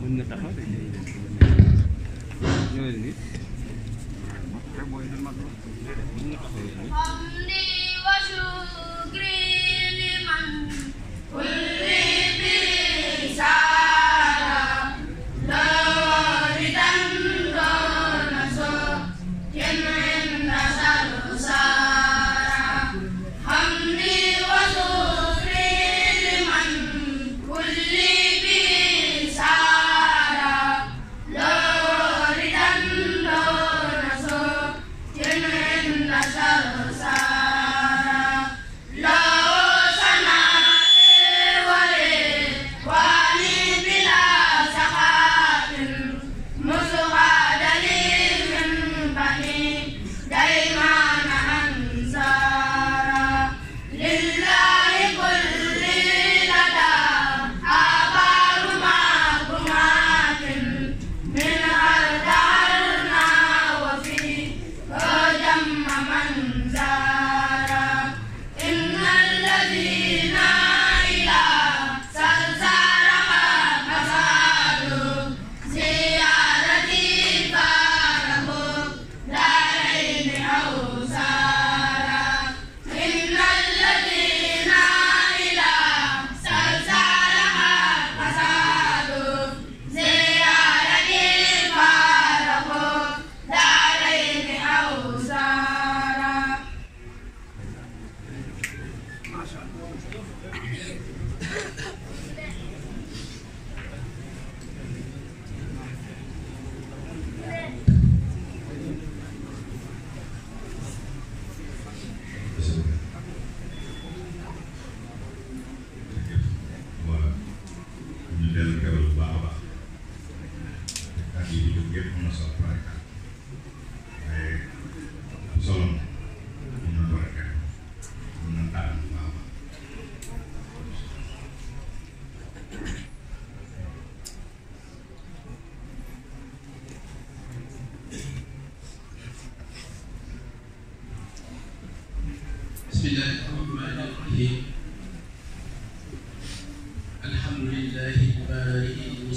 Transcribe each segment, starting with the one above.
Mình đặt hết rồi. Rồi đi. Mắt cái bôi nó mắt. Mình đặt hết rồi.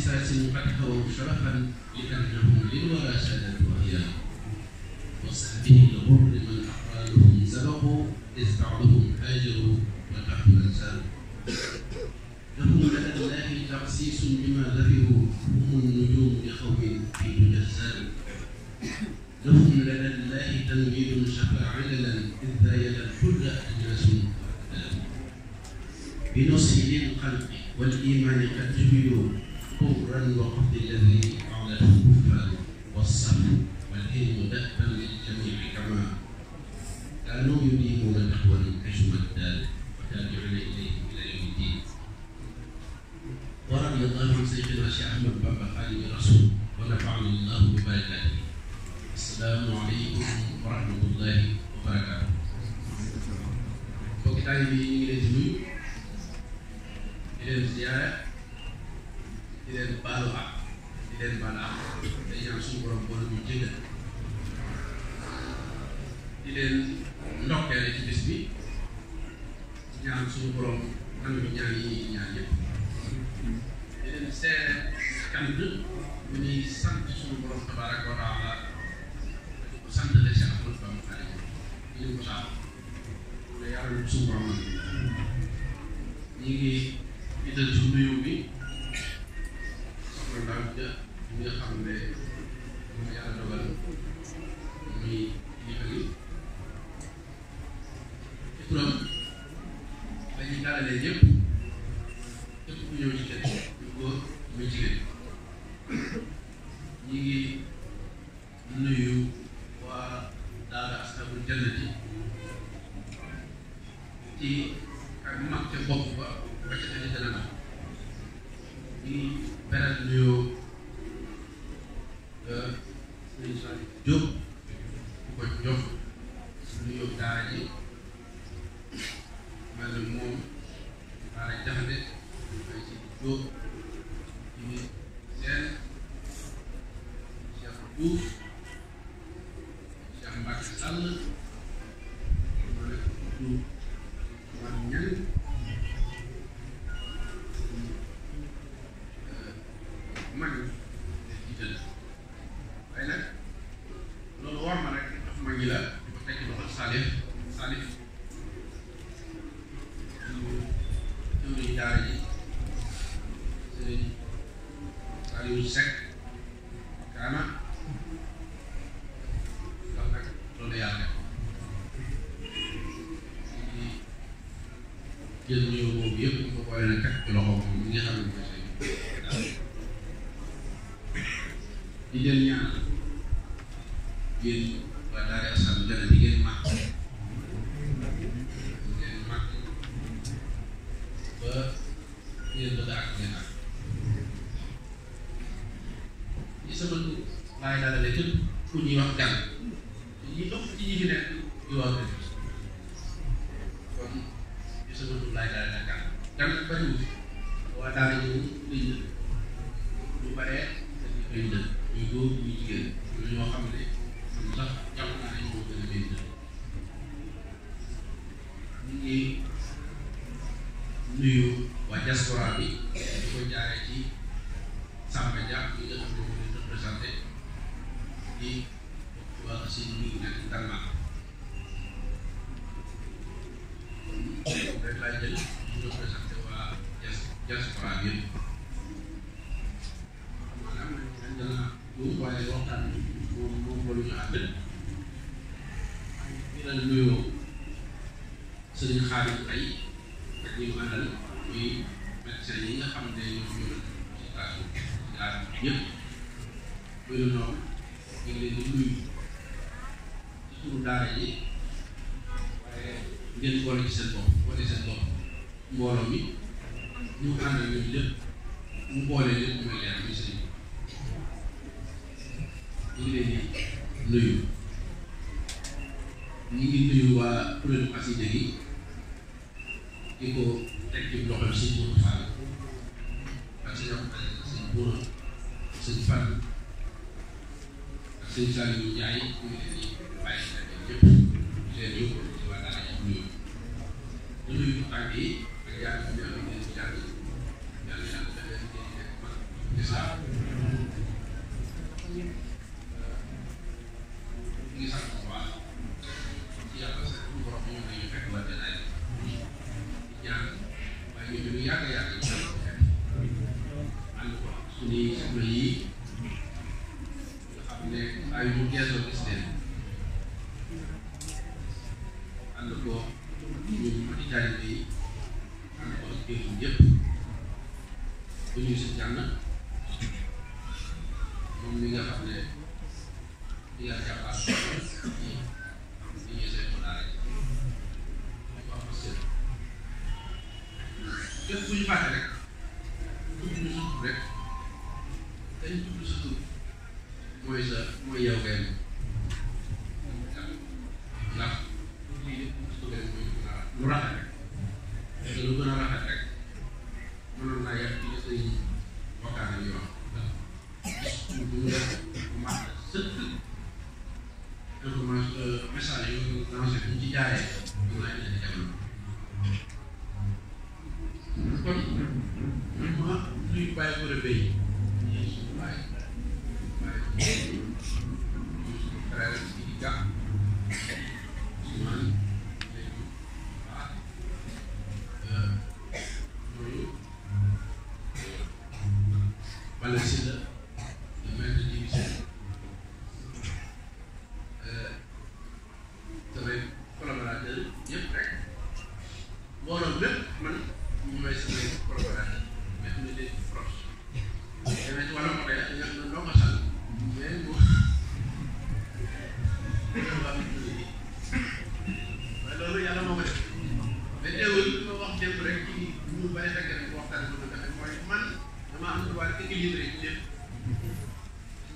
السادس أكثر شرفا لأنه للورى السلام عليكم ورحمة الله coba ba aja daje di yéen dana ak ngeen ak li sama laay dalalee xaaritu tey ak ñi mu àndal muy médecins yi nga xam ne ñoom ñu ci taatu daal ñëpp muy noonu ñu ngi leen di nuyu ci turu daara ji waaye ngeen boole ci seen bopp boole seen bopp mbooloo mi ñu àndal ñun lépp mu boole lépp muy leer muy seen ñu ngi leen di nuyu ñu ngi nuyu waa kuréelu xasida yi di ko teg ci loxol sëñ Bourou Fall ak sëñ Abdoulaye ak sëñ Bourou ak sëñ Fall ak sëñ Saliou Ndiaye ñu ngi leen di bàyyi xel ñëpp di leen yóbbu di waa daara ñu nuyu ak yàlla Desde o professor Moisés, Moisés Alguém,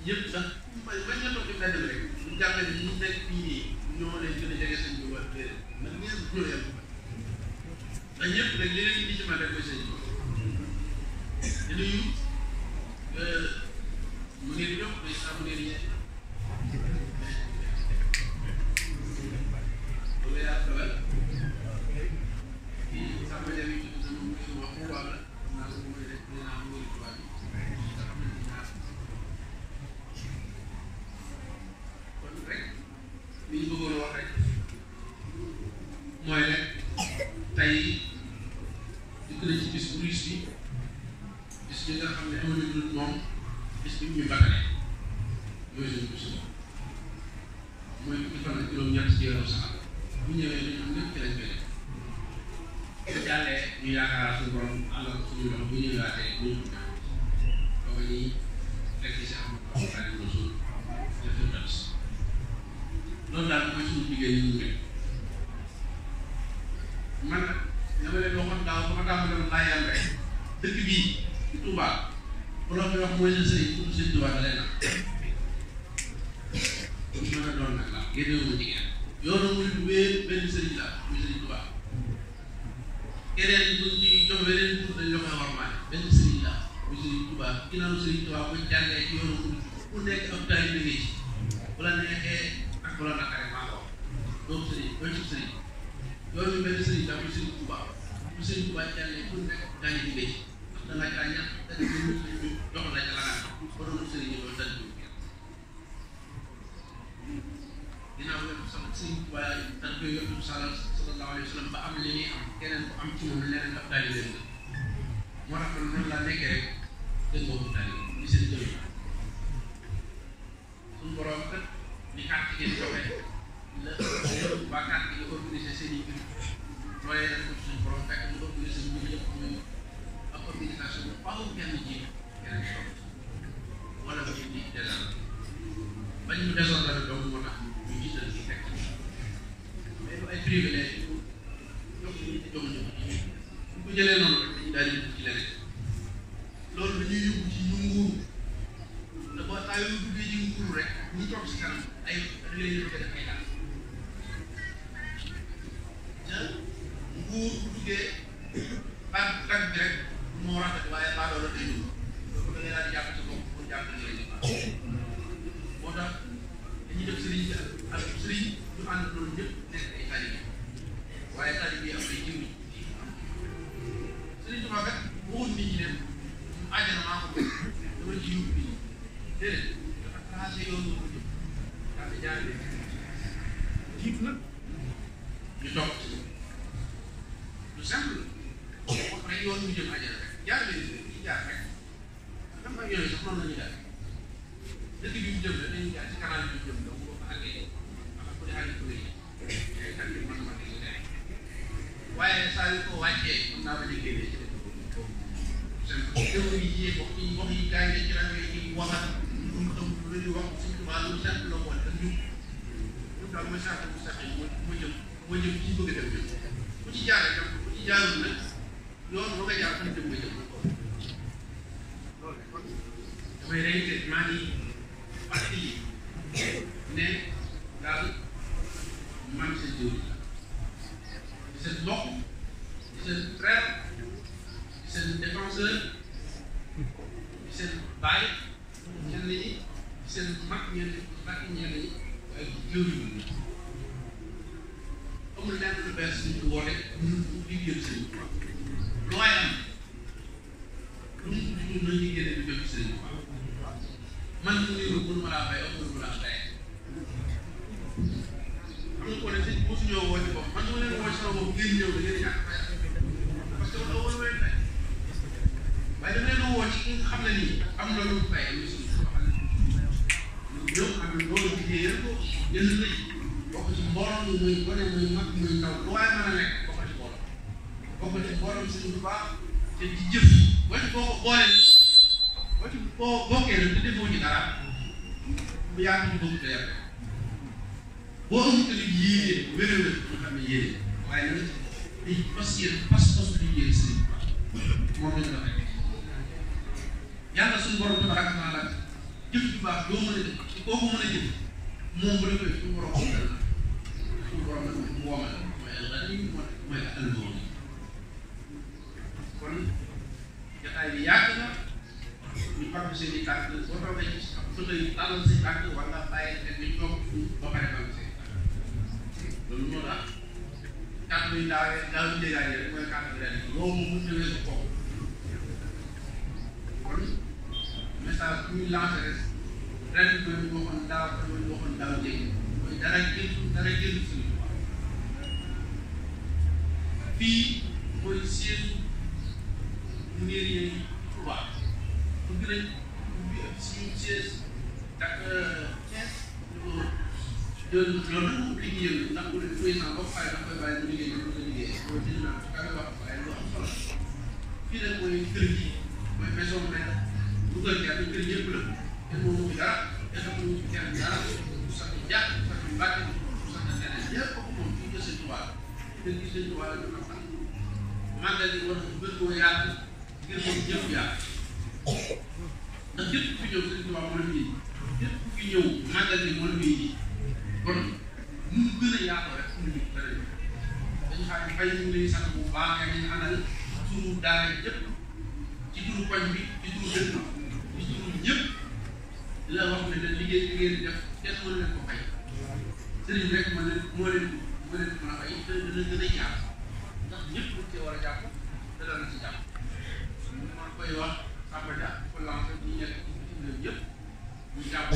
yëpp ndax man man ñoo toog ci mbedd bi rek ñu jàpp ne ñu nekk fii ñoo leen gën a jege sëñ bi wala déedéet man ñëpp ñoo yem ndax ñëpp nag li leen indi ci man rek mooy sëñ bi génnewu ma jigéen yoonu muy bu wéer benn sëriñ la muy sëriñ bu baax keneen bu ñuy jox beneen pour dañ la koy warmaale benn sëriñ la muy sëriñ bu baax ginnaaw sëriñ Tuubaa bu jàngee ci yoonu mu ku nekk ab taay bi ngi ci bu la neexee ak bu la naqaree maa ko doomu sëriñ doomu sëriñ yoonu benn sëriñ la muy sëriñ bu baax bu sëriñ bu baax jàngee ku nekk taay bi ngi ci ndax danaa Hidup sekarang, si kanam ay lu leen bëgg def ay daan te nguur bu duggee pada tag bi rek moo rafet waaye baa doon day ñëw loolu da ngay daal jàpp ci bopp pour jàpp to あの yaatoo rek nit ñi dara ñu dañu xam ne mbay mi ngi sant bu baax nga ñu àndal suñu daara yëpp ci turu koñ bi ci turu dëkk bi ci turu ñëpp di la wax ne la liggéey bi ngeen def kenn mën leen ko fay sëriñ rek mën leen moo leen moo leen mën a fay te dana gën a jaar ndax ñëpp lu cee war a jàpp te dana ci jàpp man koy wax Samba Dia ko lancé ñu nekk ci ñëpp ñu jàpp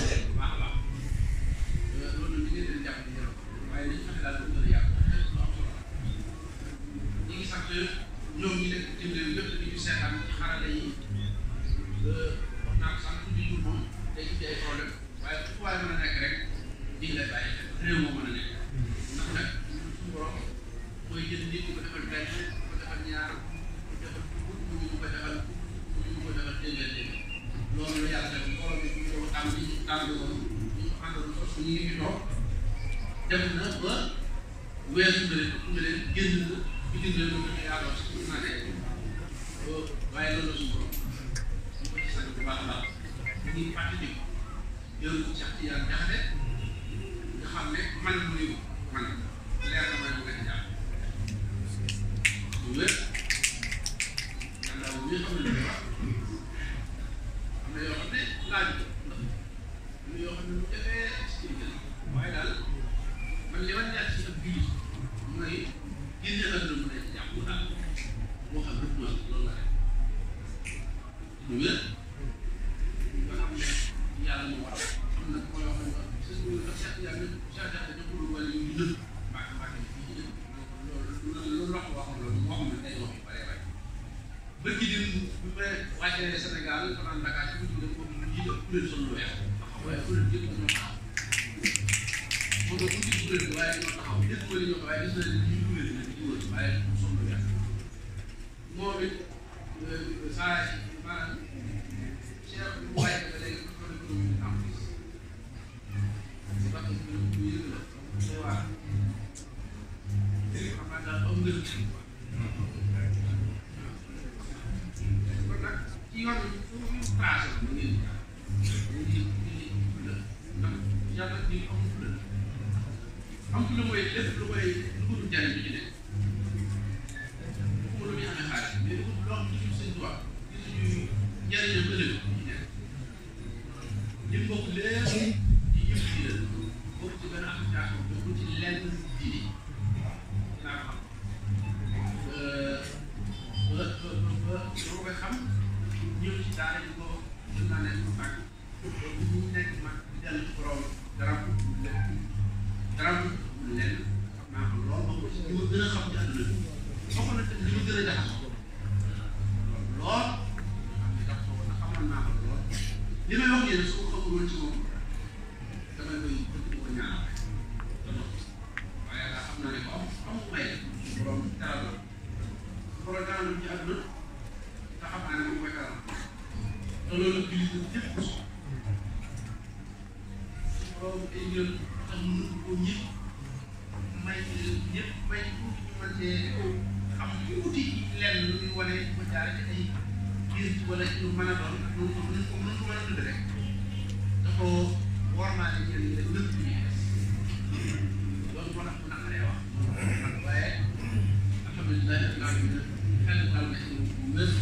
العالمين نتكلم عن نحن الكونات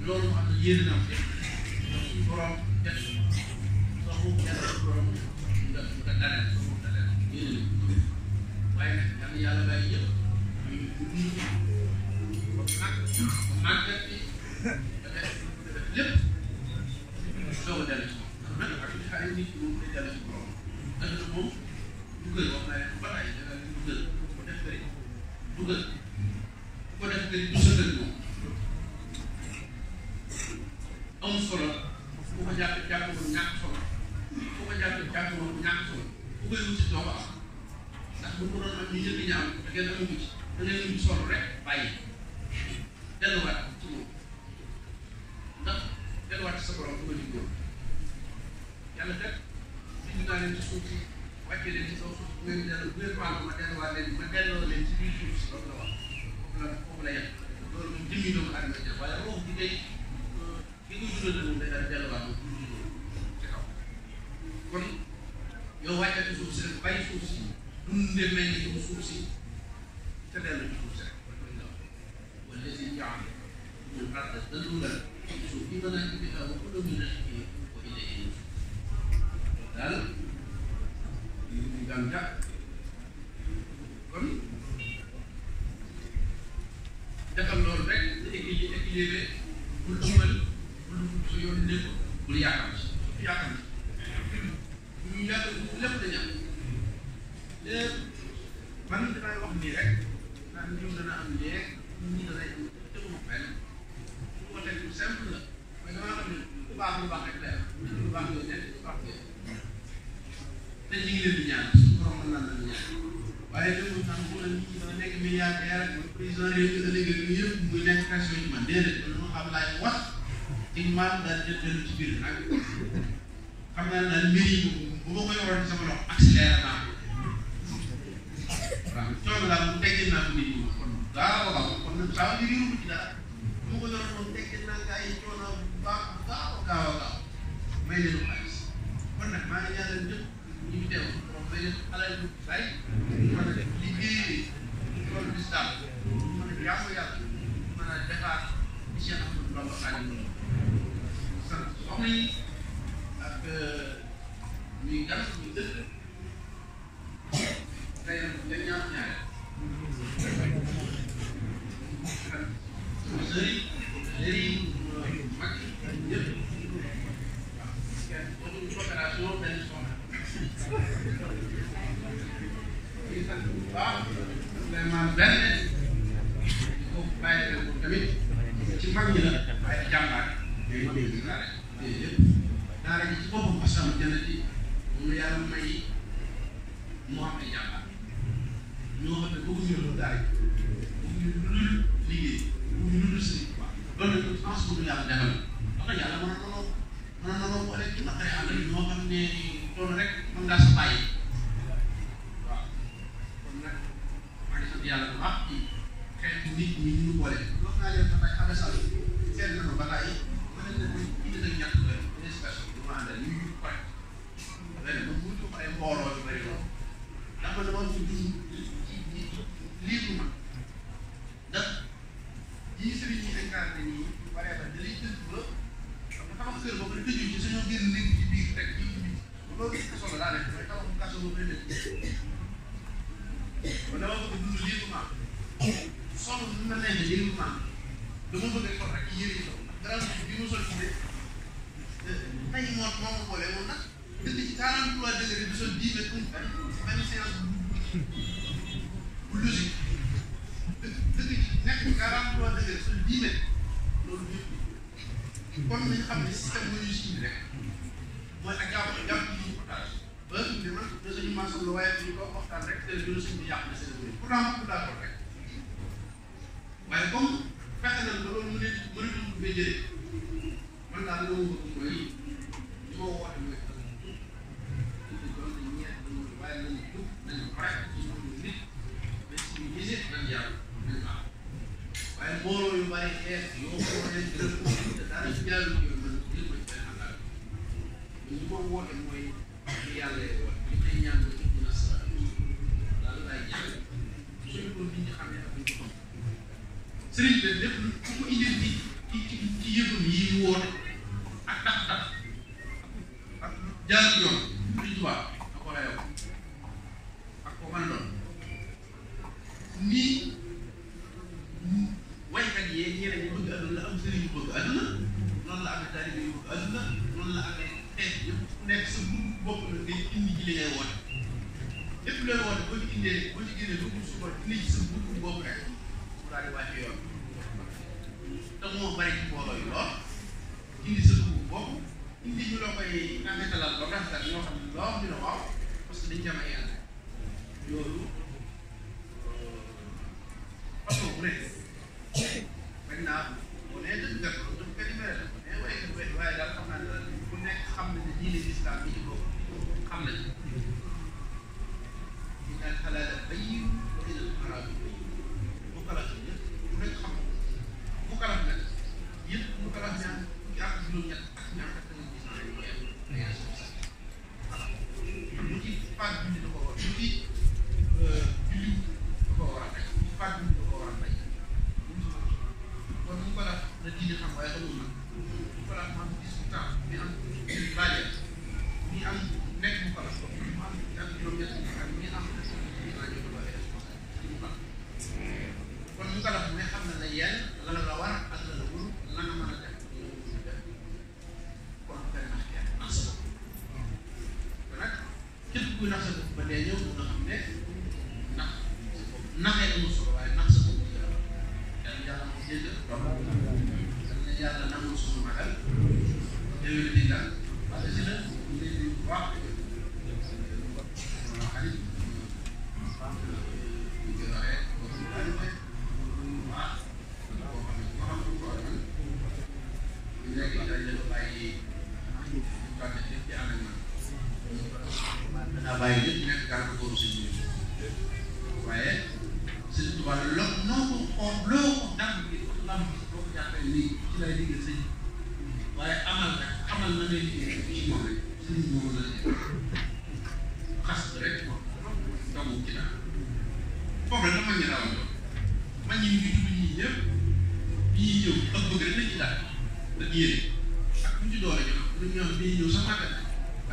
اليوم التغيير النفسي الكرة تحصل صفوف كانت الكرة مكتلة صفوف ثلاثة غير الكونات وين كان يلا بقية ومحدد بعد الدولة في مناكبها وكل مناكبها وإليه قال يريد أن تعلم soxna yi ak euh, ñuy kër boobu dañu tëju ci suñu génn nekk ci biir rek loolu kaso la daa def mooy tabax bu kaso boobu lay def kon dama bëgg dund librement sonn nu ma nee librement dama bëgg a ak yére yi taw ndax bi ma sol ci tey moo moo ma boole moom nag dëkk ci 43 degré bi sol 10 mètres benn séance bu logique kon nañu xam ne système bu ñuy suivi rek mooy ak jàpp jàpp ci ñu otage ba ne man de suñu maasam la waaye ñu ko waxtaan rek te dina suñ bi yàq na seen réew pourtant ma ko d'accord rek waaye comme fexe nañ ba loolu mu ne mën a dugg ba jëlee man daal loolu bëgg mooy li ma woote mooy waaye mbooloo yu bari xeet yoo ko leen gërëm jaalu yoon man li ma ci benn xalaat li ma woote mooy li yàlla woote li may ñaan ba ci dina sa daal laay ñaan suñu ko nit ñi xamee ak ñu ko xam sëriñ bi lépp lu ko indil ci ci ci yëgum yi woote ak tax tax ak jaalu yoon li tubaab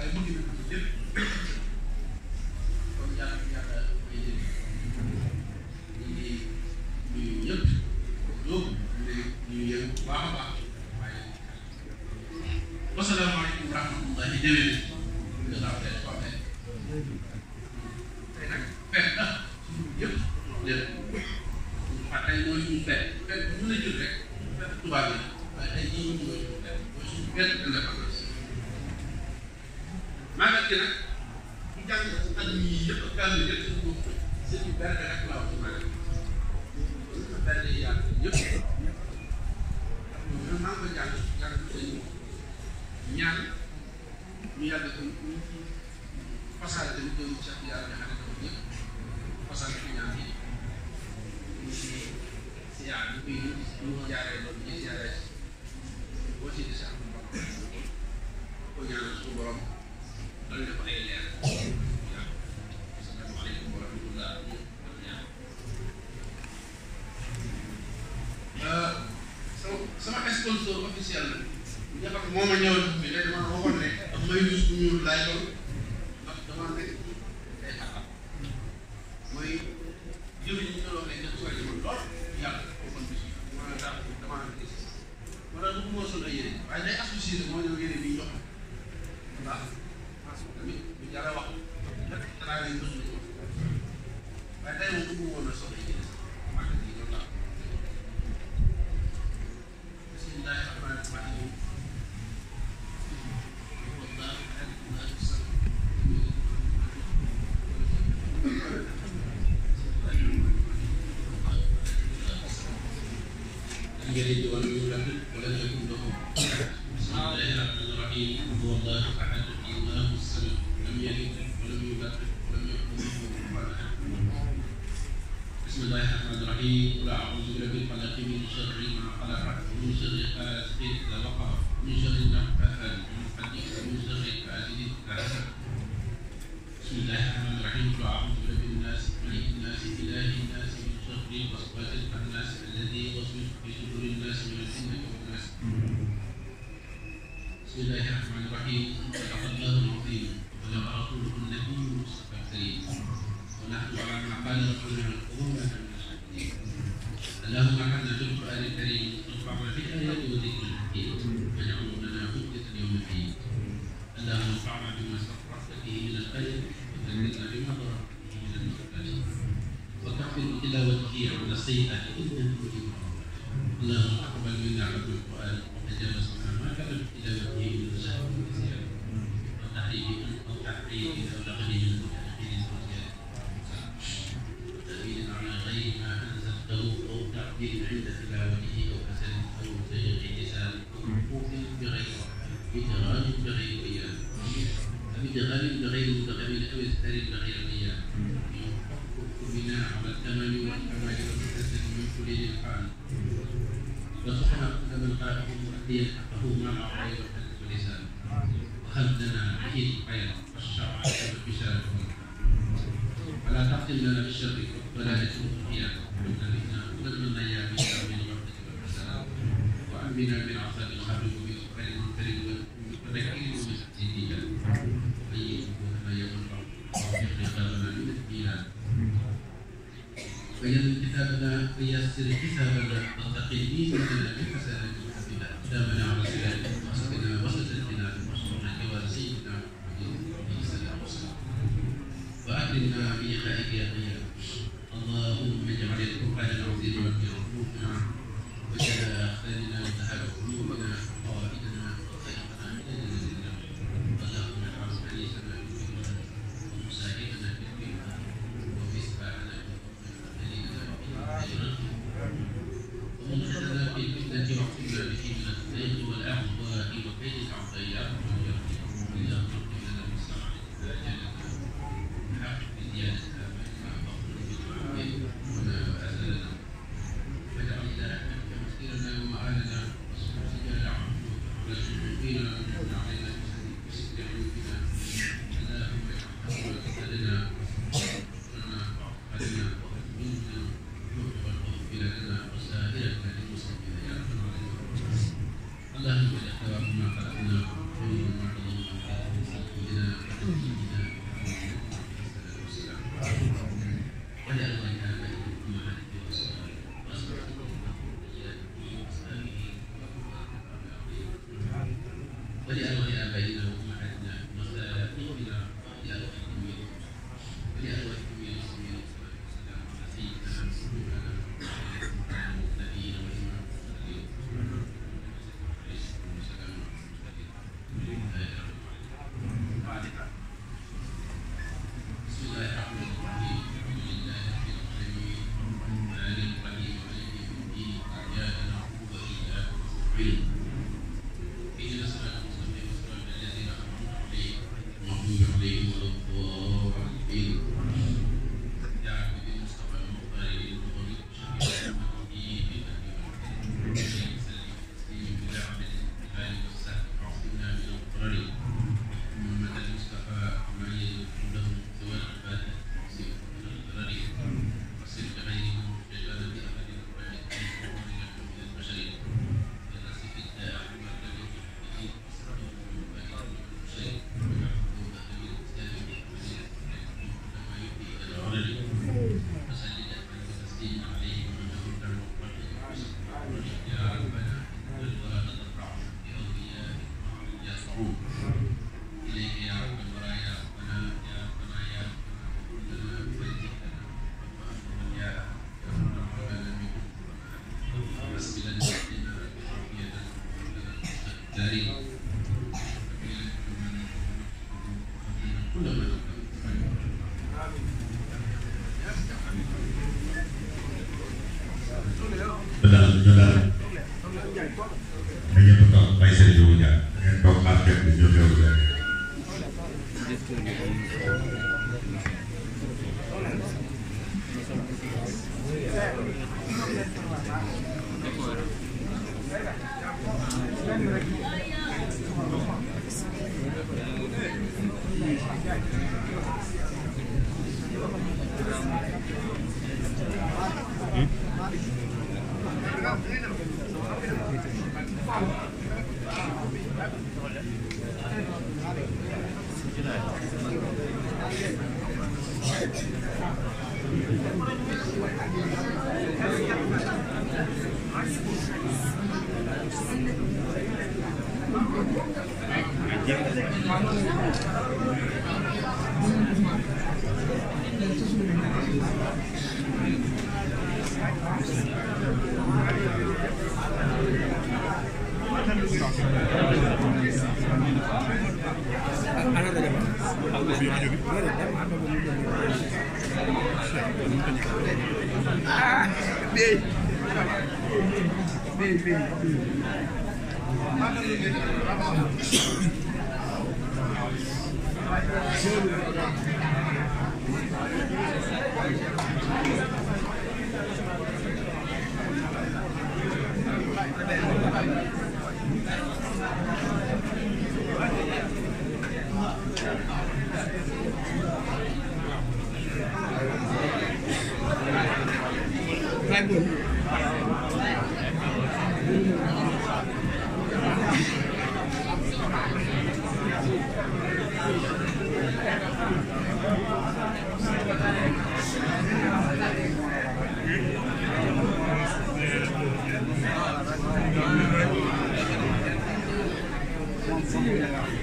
알고리즘을 가 demande day xatal mooy jiw yi ñu doon wax ne ña ko jëmoon lool yàlla bokkoon bi moo tax demande gis moo tax bu moo sol ay yére waaye day associé moo ñëw yére bi jox ndax tamit bu jara wax lépp danaa leen jox علمنا القرون اللهم اجعلنا في القران الكريم نفرح بآيات وذكر الحكيم واجعله لنا حجة يوم الدين اللهم انفعنا بما استطعت به من الخير وذكرنا بما ضربت به من المقتدر وكفر تلاوته عن السيئة إنه اللهم ويسر كتابنا ويسر كتابنا وتقيني بنا بحسنات حسنا كتابنا على سلامه وحسنا وسجدنا بحسنك ورسيدنا وسلام وسلام واكرمنا بخائر اللهم اجعل القران العظيم ربي Yeah. Thank you. Thank you.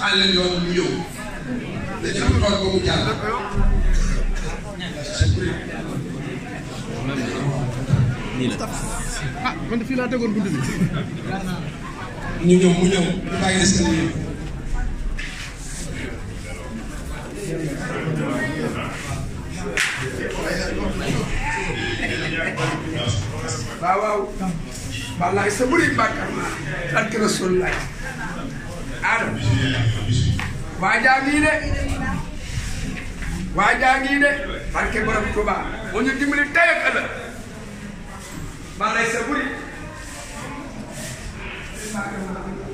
xaal leen yoon ñu ñëw ah man de fii laa bi. ñu ñëw mu ñëw ñu na ñëw. waaw waaw. wallaahi sa rasul laay Adama waajaa ngi de waajaa ngi de barke borom Tuuba boo ñu dimbali tey ak ëllëg maa lay sa buri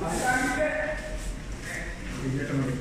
waajaa ngi de